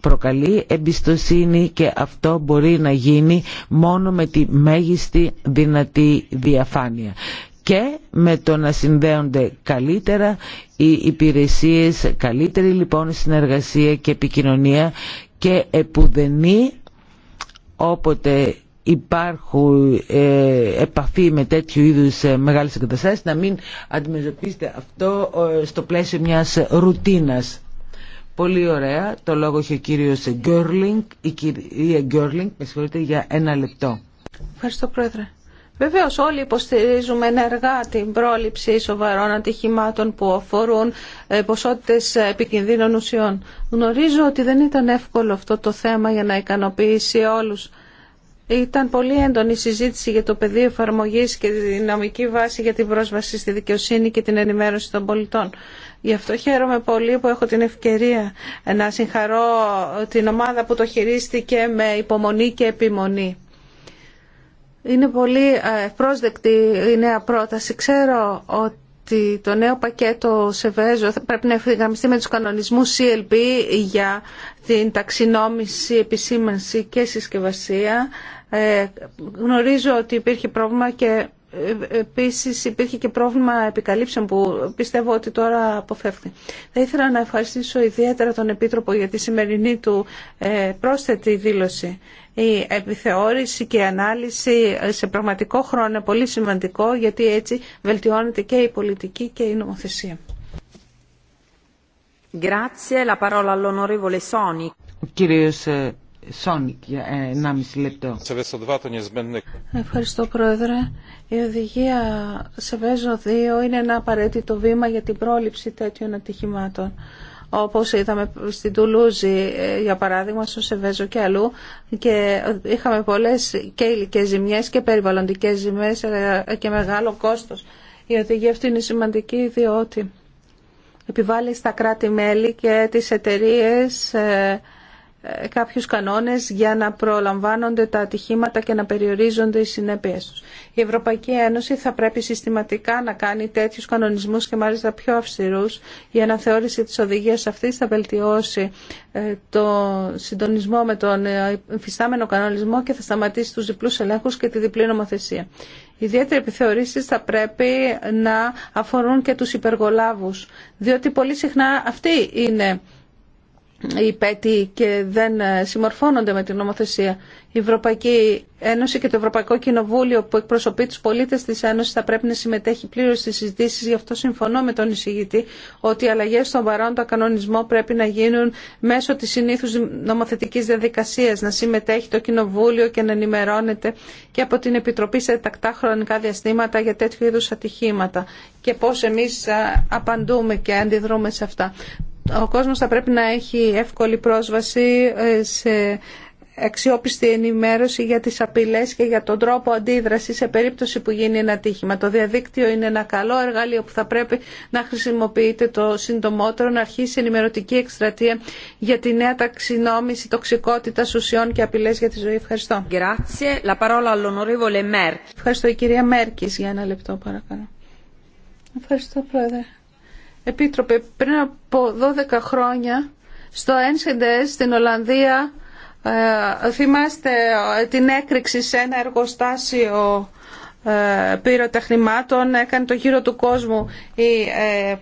προκαλεί εμπιστοσύνη και αυτό μπορεί να γίνει μόνο με τη μέγιστη δυνατή διαφάνεια και με το να συνδέονται καλύτερα οι υπηρεσίες, καλύτερη λοιπόν συνεργασία και επικοινωνία και επουδενή όποτε υπάρχουν ε, επαφή με τέτοιου είδους ε, μεγάλες εγκαταστάσεις να μην αντιμετωπίσετε αυτό ε, στο πλαίσιο μιας ρουτίνας. Πολύ ωραία. Το λόγο έχει ο κύριος Γκέρλινγκ, η κυρία Γκέρλινγκ, με συγχωρείτε, για ένα λεπτό. Ευχαριστώ, Πρόεδρε. Βεβαίω όλοι υποστηρίζουμε ενεργά την πρόληψη σοβαρών ατυχημάτων που αφορούν ε, ποσότητες ε, επικινδύνων ουσιών. Γνωρίζω ότι δεν ήταν εύκολο αυτό το θέμα για να ικανοποιήσει όλους. Ήταν πολύ έντονη η συζήτηση για το πεδίο εφαρμογή και τη δυναμική βάση για την πρόσβαση στη δικαιοσύνη και την ενημέρωση των πολιτών. Γι' αυτό χαίρομαι πολύ που έχω την ευκαιρία να συγχαρώ την ομάδα που το χειρίστηκε με υπομονή και επιμονή. Είναι πολύ ε, πρόσδεκτη η νέα πρόταση. Ξέρω ότι το νέο πακέτο σε θα πρέπει να ευθυγραμμιστεί με τους κανονισμούς CLP για την ταξινόμηση, επισήμανση και συσκευασία. Ε, γνωρίζω ότι υπήρχε πρόβλημα και ε, επίσης υπήρχε και πρόβλημα επικαλύψεων που πιστεύω ότι τώρα αποφεύγει. Θα ήθελα να ευχαριστήσω ιδιαίτερα τον Επίτροπο για τη σημερινή του πρόσθετη δήλωση η επιθεώρηση και η ανάλυση σε πραγματικό χρόνο είναι πολύ σημαντικό γιατί έτσι βελτιώνεται και η πολιτική και η νομοθεσία. Ευχαριστώ, Πρόεδρε. Η οδηγία σε Βέζο 2 είναι ένα απαραίτητο βήμα για την πρόληψη τέτοιων ατυχημάτων όπως είδαμε στην Τουλούζη ε, για παράδειγμα, στο Σεβέζο και αλλού και είχαμε πολλές και υλικές ζημιές και περιβαλλοντικές ζημιές ε, και μεγάλο κόστος. Η οδηγία αυτή είναι σημαντική διότι επιβάλλει στα κράτη-μέλη και τις εταιρείες ε, ε, κάποιους κανόνες για να προλαμβάνονται τα ατυχήματα και να περιορίζονται οι συνέπειες τους. Η Ευρωπαϊκή Ένωση θα πρέπει συστηματικά να κάνει τέτοιους κανονισμούς και μάλιστα πιο αυστηρούς. Η αναθεώρηση της οδηγίας αυτής θα βελτιώσει ε, το συντονισμό με τον εμφιστάμενο κανονισμό και θα σταματήσει τους διπλούς ελέγχους και τη διπλή νομοθεσία. Ιδιαίτερη επιθεωρήσεις θα πρέπει να αφορούν και τους υπεργολάβους, διότι πολύ συχνά αυτοί είναι οι πέτοι και δεν ε, συμμορφώνονται με την νομοθεσία. Η Ευρωπαϊκή Ένωση και το Ευρωπαϊκό Κοινοβούλιο που εκπροσωπεί τους πολίτες της Ένωσης θα πρέπει να συμμετέχει πλήρως στις συζητήσεις. Γι' αυτό συμφωνώ με τον εισηγητή ότι οι αλλαγές στον παρόντο κανονισμό πρέπει να γίνουν μέσω της συνήθους νομοθετικής διαδικασίας. Να συμμετέχει το Κοινοβούλιο και να ενημερώνεται και από την Επιτροπή σε τακτά χρονικά διαστήματα για τέτοιου είδους ατυχήματα και πώς εμεί ε, απαντούμε και αντιδρούμε σε αυτά. Ο κόσμος θα πρέπει να έχει εύκολη πρόσβαση ε, σε αξιόπιστη ενημέρωση για τις απειλές και για τον τρόπο αντίδρασης σε περίπτωση που γίνει ένα τύχημα. Το διαδίκτυο είναι ένα καλό εργαλείο που θα πρέπει να χρησιμοποιείται το συντομότερο, να αρχίσει ενημερωτική εκστρατεία για τη νέα ταξινόμηση τοξικότητα ουσιών και απειλές για τη ζωή. Ευχαριστώ. Ευχαριστώ η κυρία Μέρκης για ένα λεπτό παρακαλώ. Ευχαριστώ πρόεδρε. Επίτροπε, πριν από 12 χρόνια στο NCDS στην Ολλανδία ε, θυμάστε ε, την έκρηξη σε ένα εργοστάσιο ε, πυροτεχνημάτων έκανε το γύρο του κόσμου η ε,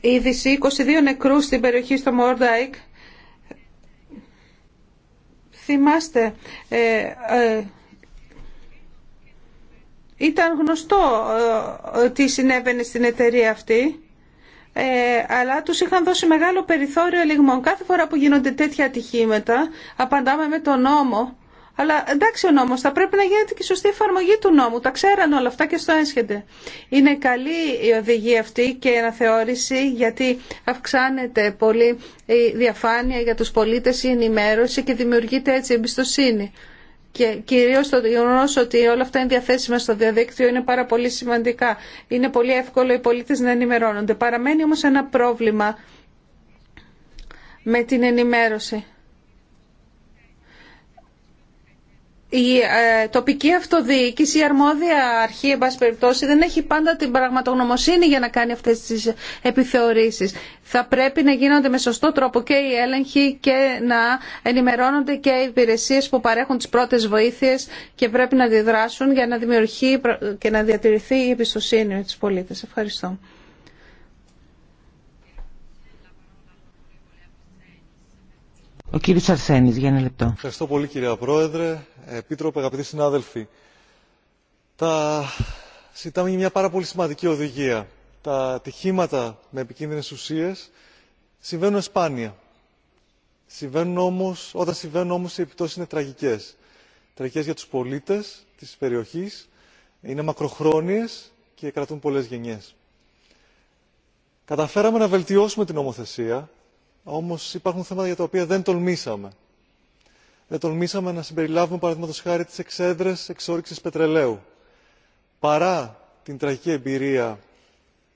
είδηση 22 νεκρούς στην περιοχή στο Μόρδαϊκ θυμάστε ε, ήταν γνωστό τι συνέβαινε στην εταιρεία αυτή ε, αλλά τους είχαν δώσει μεγάλο περιθώριο ελιγμών. Κάθε φορά που γίνονται τέτοια ατυχήματα, απαντάμε με τον νόμο. Αλλά εντάξει ο νόμος, θα πρέπει να γίνεται και η σωστή εφαρμογή του νόμου. Τα ξέραν όλα αυτά και στο έσχεται. Είναι καλή η οδηγία αυτή και η αναθεώρηση γιατί αυξάνεται πολύ η διαφάνεια για τους πολίτες, η ενημέρωση και δημιουργείται έτσι εμπιστοσύνη και κυρίω το γεγονό ότι όλα αυτά είναι διαθέσιμα στο διαδίκτυο είναι πάρα πολύ σημαντικά. Είναι πολύ εύκολο οι πολίτε να ενημερώνονται. Παραμένει όμως ένα πρόβλημα με την ενημέρωση. η ε, τοπική αυτοδιοίκηση, η αρμόδια αρχή, εν περιπτώσει, δεν έχει πάντα την πραγματογνωμοσύνη για να κάνει αυτές τις επιθεωρήσεις. Θα πρέπει να γίνονται με σωστό τρόπο και οι έλεγχοι και να ενημερώνονται και οι υπηρεσίες που παρέχουν τις πρώτες βοήθειες και πρέπει να αντιδράσουν για να δημιουργεί και να διατηρηθεί η εμπιστοσύνη της πολίτες. Ευχαριστώ. Ο κύριο Αρσένη, για ένα λεπτό. Ευχαριστώ πολύ κυρία Πρόεδρε, Επίτροπε, αγαπητοί συνάδελφοι. Τα... Συντάμε μια πάρα πολύ σημαντική οδηγία. Τα ατυχήματα με επικίνδυνε ουσίες συμβαίνουν σπάνια. Συμβαίνουν όμως, όταν συμβαίνουν όμω οι επιπτώσει είναι τραγικέ. Τραγικέ για του πολίτε, τη περιοχή, είναι μακροχρόνιε και κρατούν πολλέ γενιές. Καταφέραμε να βελτιώσουμε την νομοθεσία όμως υπάρχουν θέματα για τα οποία δεν τολμήσαμε. Δεν τολμήσαμε να συμπεριλάβουμε παραδείγματος χάρη τις εξέδρες εξόρυξης πετρελαίου. Παρά την τραγική εμπειρία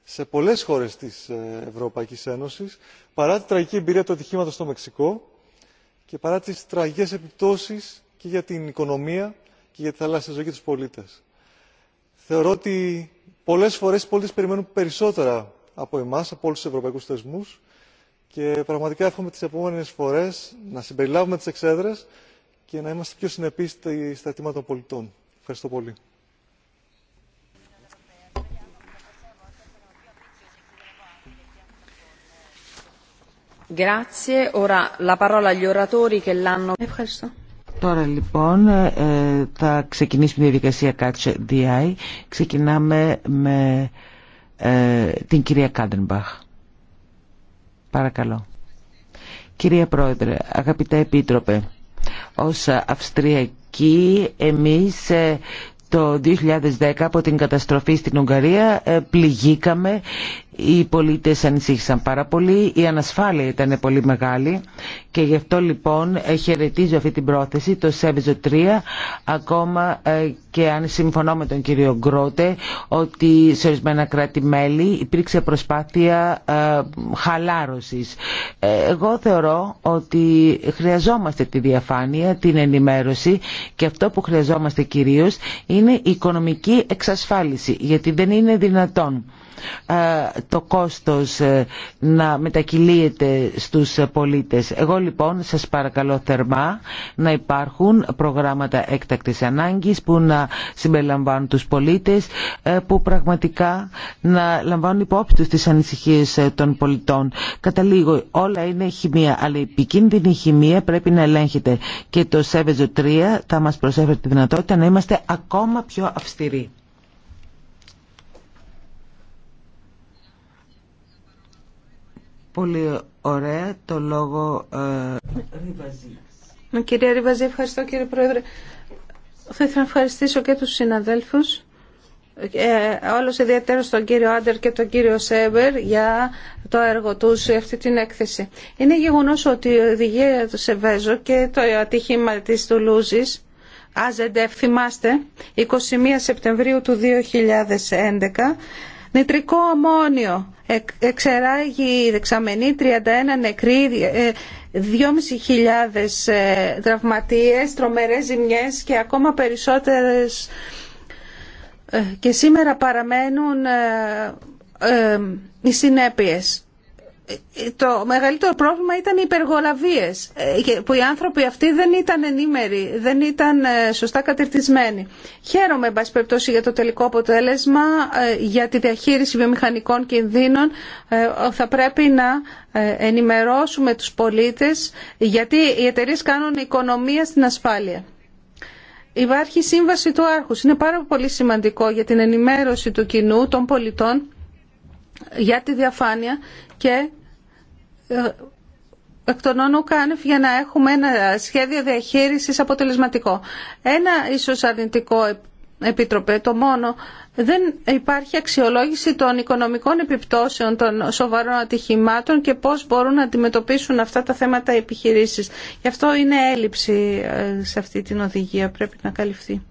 σε πολλές χώρες της ε, Ευρωπαϊκής Ένωσης, παρά την τραγική εμπειρία του ατυχήματος στο Μεξικό και παρά τις τραγικές επιπτώσεις και για την οικονομία και για τη θαλάσσια ζωή και τους πολίτες. Θεωρώ ότι πολλές φορές οι πολίτες περιμένουν περισσότερα από εμάς, από όλους τους ευρωπαϊκούς θεσμούς και πραγματικά εύχομαι τις επόμενες φορές να συμπεριλάβουμε τις εξέδρες και να είμαστε πιο συνεπείς στα αιτήματα των πολιτών. Ευχαριστώ πολύ. Ευχαριστώ. Τώρα λοιπόν ε, θα ξεκινήσουμε τη διαδικασία Catch DI. Ξεκινάμε με ε, την κυρία Κάντενμπαχ. Παρακαλώ. Κυρία Πρόεδρε, αγαπητέ Επίτροπε, ως Αυστριακοί εμείς ε, το 2010 από την καταστροφή στην Ουγγαρία ε, πληγήκαμε οι πολίτες ανησύχησαν πάρα πολύ, η ανασφάλεια ήταν πολύ μεγάλη και γι' αυτό λοιπόν χαιρετίζω αυτή την πρόθεση, το ΣΕΒΙΖΟ 3, ακόμα ε, και αν συμφωνώ με τον κύριο Γκρότε ότι σε ορισμένα κράτη-μέλη υπήρξε προσπάθεια ε, χαλάρωσης. Ε, εγώ θεωρώ ότι χρειαζόμαστε τη διαφάνεια, την ενημέρωση και αυτό που χρειαζόμαστε κυρίως είναι η οικονομική εξασφάλιση, γιατί δεν είναι δυνατόν ε, το κόστος ε, να μετακυλίεται στους πολίτες. Εγώ λοιπόν σας παρακαλώ θερμά να υπάρχουν προγράμματα έκτακτης ανάγκης που να συμπεριλαμβάνουν τους πολίτες ε, που πραγματικά να λαμβάνουν υπόψη τους τις ανησυχίες των πολιτών. Καταλήγω, όλα είναι χημεία, αλλά η επικίνδυνη χημεία πρέπει να ελέγχεται και το ΣΕΒΕΖΟ 3 θα μας προσέφερε τη δυνατότητα να είμαστε ακόμα πιο αυστηροί. Πολύ ωραία το λόγο. Ε... Κυρία Ριβαζή, ευχαριστώ κύριε Πρόεδρε. Θα ήθελα να ευχαριστήσω και τους συναδέλφους ε, όλος ιδιαίτερα τον κύριο Άντερ και τον κύριο Σέμπερ για το έργο τους σε αυτή την έκθεση. Είναι γεγονός ότι η οδηγία του Σεβέζο και το ατύχημα της Τουλούζης Άζεντεφ, θυμάστε, 21 Σεπτεμβρίου του 2011 Νητρικό αμμόνιο εξεράγει δεξαμενή 31 νεκροί, 2.500 ε, ε, τραυματίες, τρομερές ζημιές και ακόμα περισσότερες ε, και σήμερα παραμένουν οι συνέπειες. Ε, το μεγαλύτερο πρόβλημα ήταν οι υπεργολαβίες ε, που οι άνθρωποι αυτοί δεν ήταν ενήμεροι, δεν ήταν ε, σωστά κατερτισμένοι. Χαίρομαι, εν περιπτώσει, για το τελικό αποτέλεσμα, για τη διαχείριση βιομηχανικών κινδύνων. Θα πρέπει να ενημερώσουμε τους πολίτες, γιατί οι εταιρείε κάνουν οικονομία στην ασφάλεια. Υπάρχει σύμβαση του άρχους. Είναι πάρα πολύ σημαντικό για την ενημέρωση του κοινού, των πολιτών, για τη διαφάνεια και εκ των όνων για να έχουμε ένα σχέδιο διαχείρισης αποτελεσματικό. Ένα ίσως αρνητικό Επίτροπε, το μόνο δεν υπάρχει αξιολόγηση των οικονομικών επιπτώσεων των σοβαρών ατυχημάτων και πώς μπορούν να αντιμετωπίσουν αυτά τα θέματα επιχειρήσεις. Γι' αυτό είναι έλλειψη ε, σε αυτή την οδηγία, πρέπει να καλυφθεί.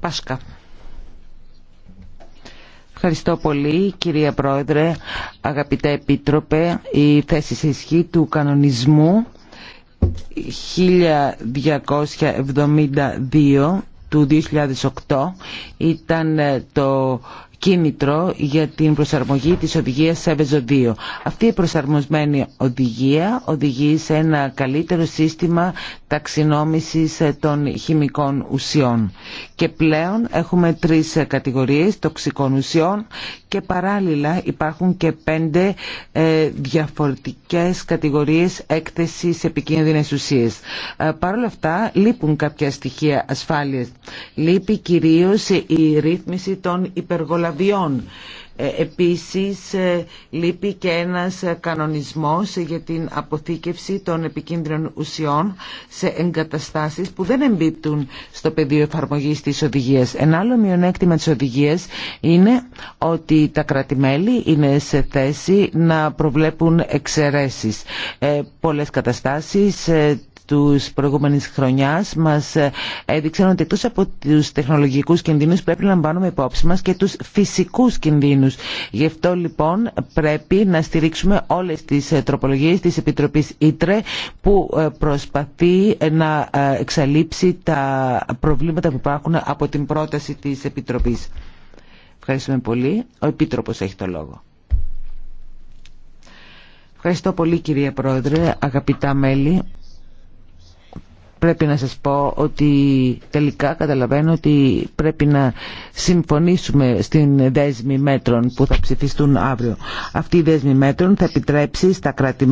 Πάσκα. Ευχαριστώ πολύ κυρία Πρόεδρε, αγαπητέ Επίτροπε, η θέση σε ισχύ του κανονισμού 1272 του 2008 ήταν το κίνητρο για την προσαρμογή της οδηγίας Σέβεζο 2. Αυτή η προσαρμοσμένη οδηγία οδηγεί σε ένα καλύτερο σύστημα ταξινόμησης ε, των χημικών ουσιών. Και πλέον έχουμε τρεις ε, κατηγορίες τοξικών ουσιών και παράλληλα υπάρχουν και πέντε ε, διαφορετικές κατηγορίες έκθεσης σε επικίνδυνες ουσίες. Παρ' όλα αυτά λείπουν κάποια στοιχεία ασφάλειας. Λείπει κυρίως η ρύθμιση των υπεργολαβών ε, Επίσης ε, λείπει και ένας ε, κανονισμός για την αποθήκευση των επικίνδυνων ουσιών σε εγκαταστάσεις που δεν εμπίπτουν στο πεδίο εφαρμογής της οδηγίας. Ένα άλλο μειονέκτημα της οδηγίας είναι ότι τα κρατημέλη είναι σε θέση να προβλέπουν εξαιρέσεις. Ε, πολλές καταστάσεις τους προηγούμενης χρονιάς μας ε, έδειξαν ότι εκτός από τους τεχνολογικούς κινδύνους πρέπει να λαμβάνουμε υπόψη μας και τους φυσικούς κινδύνους. Γι' αυτό λοιπόν πρέπει να στηρίξουμε όλες τις ε, τροπολογίες της Επιτροπής Ήτρε που ε, προσπαθεί να εξαλείψει τα προβλήματα που υπάρχουν από την πρόταση της Επιτροπής. Ευχαριστούμε πολύ. Ο Επίτροπος έχει το λόγο. Ευχαριστώ πολύ κυρία Πρόεδρε, αγαπητά μέλη πρέπει να σας πω ότι τελικά καταλαβαίνω ότι πρέπει να συμφωνήσουμε στην δέσμη μέτρων που θα ψηφιστούν αύριο. Αυτή η δέσμη μέτρων θα επιτρέψει στα κρατη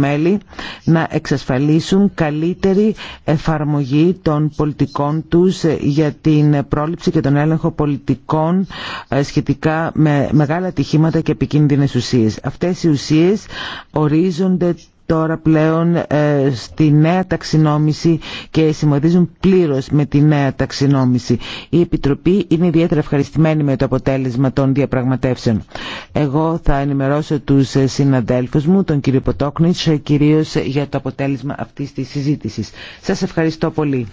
να εξασφαλίσουν καλύτερη εφαρμογή των πολιτικών τους για την πρόληψη και τον έλεγχο πολιτικών ε, σχετικά με μεγάλα ατυχήματα και επικίνδυνες ουσίες. Αυτές οι ουσίες ορίζονται τώρα πλέον ε, στη νέα ταξινόμηση και συμμορφίζουν πλήρως με τη νέα ταξινόμηση. Η Επιτροπή είναι ιδιαίτερα ευχαριστημένη με το αποτέλεσμα των διαπραγματεύσεων. Εγώ θα ενημερώσω τους ε, συναδέλφους μου, τον κύριο Ποτόκνητς, ε, κυρίως για το αποτέλεσμα αυτής της συζήτησης. Σας ευχαριστώ πολύ.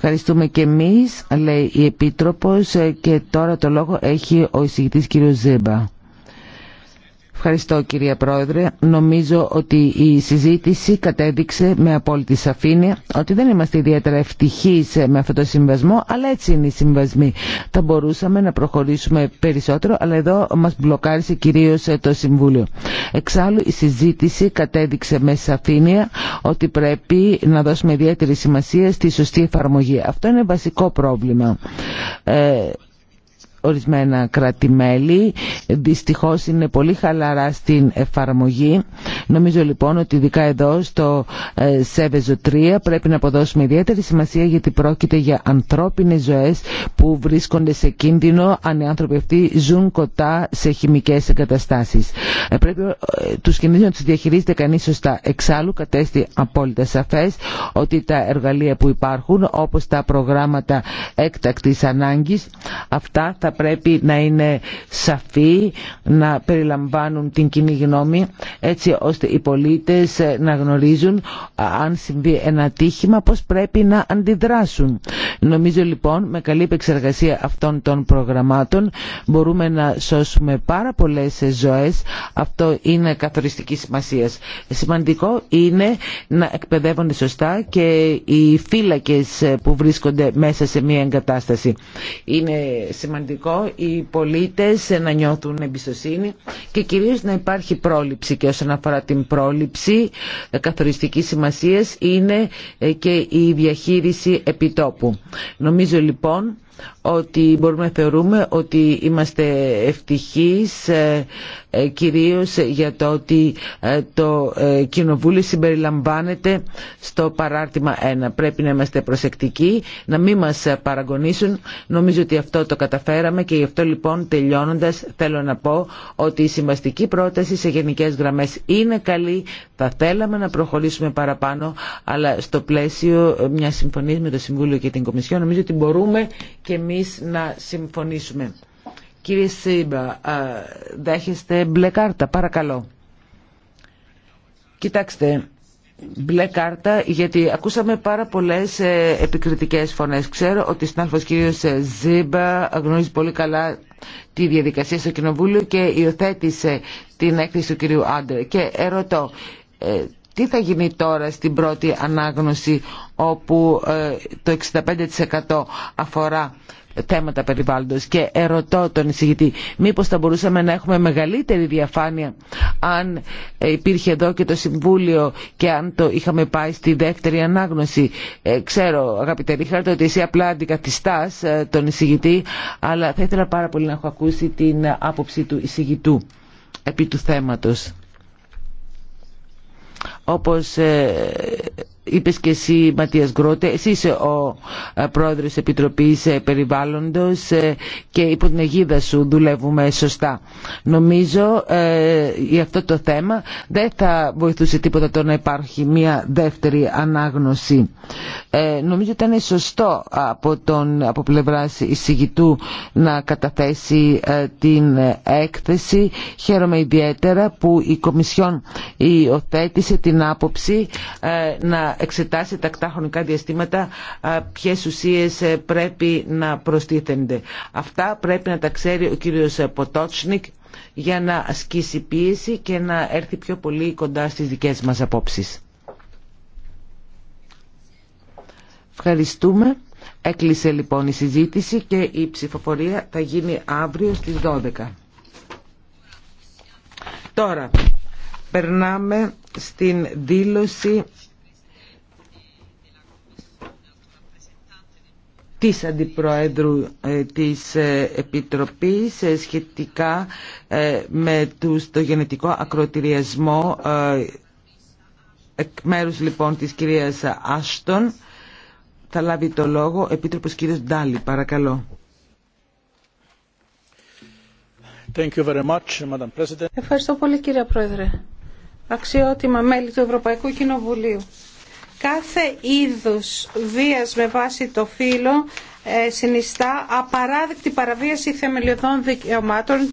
Ευχαριστούμε και εμείς, λέει η Επίτροπος και τώρα το λόγο έχει ο εισηγητής κύριος Ζέμπα. Ευχαριστώ κυρία Πρόεδρε. Νομίζω ότι η συζήτηση κατέδειξε με απόλυτη σαφήνεια ότι δεν είμαστε ιδιαίτερα ευτυχείς με αυτό το συμβασμό, αλλά έτσι είναι οι συμβασμοί. Θα μπορούσαμε να προχωρήσουμε περισσότερο, αλλά εδώ μας μπλοκάρισε κυρίως ε, το Συμβούλιο. Εξάλλου η συζήτηση κατέδειξε με σαφήνεια ότι πρέπει να δώσουμε ιδιαίτερη σημασία στη σωστή εφαρμογή. Αυτό είναι βασικό πρόβλημα. Ε, ορισμένα κρατημέλη. Δυστυχώς είναι πολύ χαλαρά στην εφαρμογή. Νομίζω λοιπόν ότι ειδικά εδώ στο ε, ΣΕΒΕΖΟ 3 πρέπει να αποδώσουμε ιδιαίτερη σημασία γιατί πρόκειται για ανθρώπινες ζωές που βρίσκονται σε κίνδυνο αν οι άνθρωποι αυτοί ζουν κοντά σε χημικές εγκαταστάσεις. Ε, πρέπει ε, τους κινδύνους να τους διαχειρίζεται κανείς σωστά. Εξάλλου κατέστη απόλυτα σαφέ ότι τα εργαλεία που υπάρχουν όπως τα προγράμματα έκτακτης ανάγκης αυτά θα πρέπει να είναι σαφή, να περιλαμβάνουν την κοινή γνώμη, έτσι ώστε οι πολίτες ε, να γνωρίζουν αν συμβεί ένα τύχημα πώς πρέπει να αντιδράσουν. Νομίζω λοιπόν με καλή επεξεργασία αυτών των προγραμμάτων μπορούμε να σώσουμε πάρα πολλές ε, ζωές. Αυτό είναι καθοριστική σημασία. Σημαντικό είναι να εκπαιδεύονται σωστά και οι φύλακες ε, που βρίσκονται μέσα σε μια εγκατάσταση. Είναι σημαντικό σημαντικό οι πολίτες να νιώθουν εμπιστοσύνη και κυρίως να υπάρχει πρόληψη και όσον αφορά την πρόληψη ε, καθοριστική σημασίας είναι ε, και η διαχείριση επιτόπου. Νομίζω λοιπόν ότι μπορούμε να θεωρούμε ότι είμαστε ευτυχείς ε, ε, κυρίως για το ότι ε, το Κοινοβούλιο συμπεριλαμβάνεται στο παράρτημα 1. Πρέπει να είμαστε προσεκτικοί, να μην μας παραγωνίσουν. Νομίζω ότι αυτό το καταφέραμε και γι' αυτό λοιπόν τελειώνοντας θέλω να πω ότι η συμβαστική πρόταση σε γενικές γραμμές είναι καλή. Θα θέλαμε να προχωρήσουμε παραπάνω, αλλά στο πλαίσιο μια συμφωνίας με το Συμβούλιο και την Κομισιόν νομίζω ότι μπορούμε και εμείς να συμφωνήσουμε. Κύριε Σίμπα, δέχεστε μπλε κάρτα, παρακαλώ. Κοιτάξτε, μπλε κάρτα, γιατί ακούσαμε πάρα πολλές ε, επικριτικές φωνές. Ξέρω ότι συνάδελφος κύριος ε, Ζήμπα γνωρίζει πολύ καλά τη διαδικασία στο Κοινοβούλιο και υιοθέτησε την έκθεση του κυρίου Άντερ. Και ερωτώ, ε, τι θα γίνει τώρα στην πρώτη ανάγνωση όπου ε, το 65% αφορά θέματα περιβάλλοντος και ερωτώ τον εισηγητή μήπως θα μπορούσαμε να έχουμε μεγαλύτερη διαφάνεια αν ε, υπήρχε εδώ και το Συμβούλιο και αν το είχαμε πάει στη δεύτερη ανάγνωση ε, ξέρω αγαπητέ Ρίχαρτο ότι εσύ απλά αντικαθιστάς τον εισηγητή αλλά θα ήθελα πάρα πολύ να έχω ακούσει την άποψη του εισηγητού επί του θέματος όπως ε, είπε και εσύ Ματίας Γκρότε, εσύ είσαι ο ε, πρόεδρος Επιτροπής ε, Περιβάλλοντος ε, και υπό την αιγίδα σου δουλεύουμε σωστά. Νομίζω για αυτό το θέμα δεν θα βοηθούσε τίποτα το να υπάρχει μια δεύτερη ανάγνωση. Ε, νομίζω ήταν σωστό από, τον, από πλευράς εισηγητού να καταθέσει την έκθεση. Χαίρομαι ιδιαίτερα που η Κομισιόν υιοθέτησε την άποψη να εξετάσει τακτά χρονικά διαστήματα ποιες ουσίες ε, πρέπει να προστίθενται. Αυτά πρέπει να τα ξέρει ο κύριος ε, Ποτότσνικ για να ασκήσει πίεση και να έρθει πιο πολύ κοντά στις δικές μας απόψεις. Ευχαριστούμε. Έκλεισε λοιπόν η συζήτηση και η ψηφοφορία θα γίνει αύριο στις 12. Τώρα, περνάμε στην δήλωση της Αντιπροέδρου ε, της ε, Επιτροπής ε, σχετικά με το γενετικό ακροτηριασμό εκ μέρους λοιπόν της κυρίας Άστον. Θα λάβει το λόγο Επίτροπος κύριος Ντάλι, παρακαλώ. Ευχαριστώ πολύ κύριε Πρόεδρε. Αξιότιμα μέλη του Ευρωπαϊκού Κοινοβουλίου κάθε είδους βίας με βάση το φύλλο ε, συνιστά απαράδεκτη παραβίαση θεμελιωδών δικαιωμάτων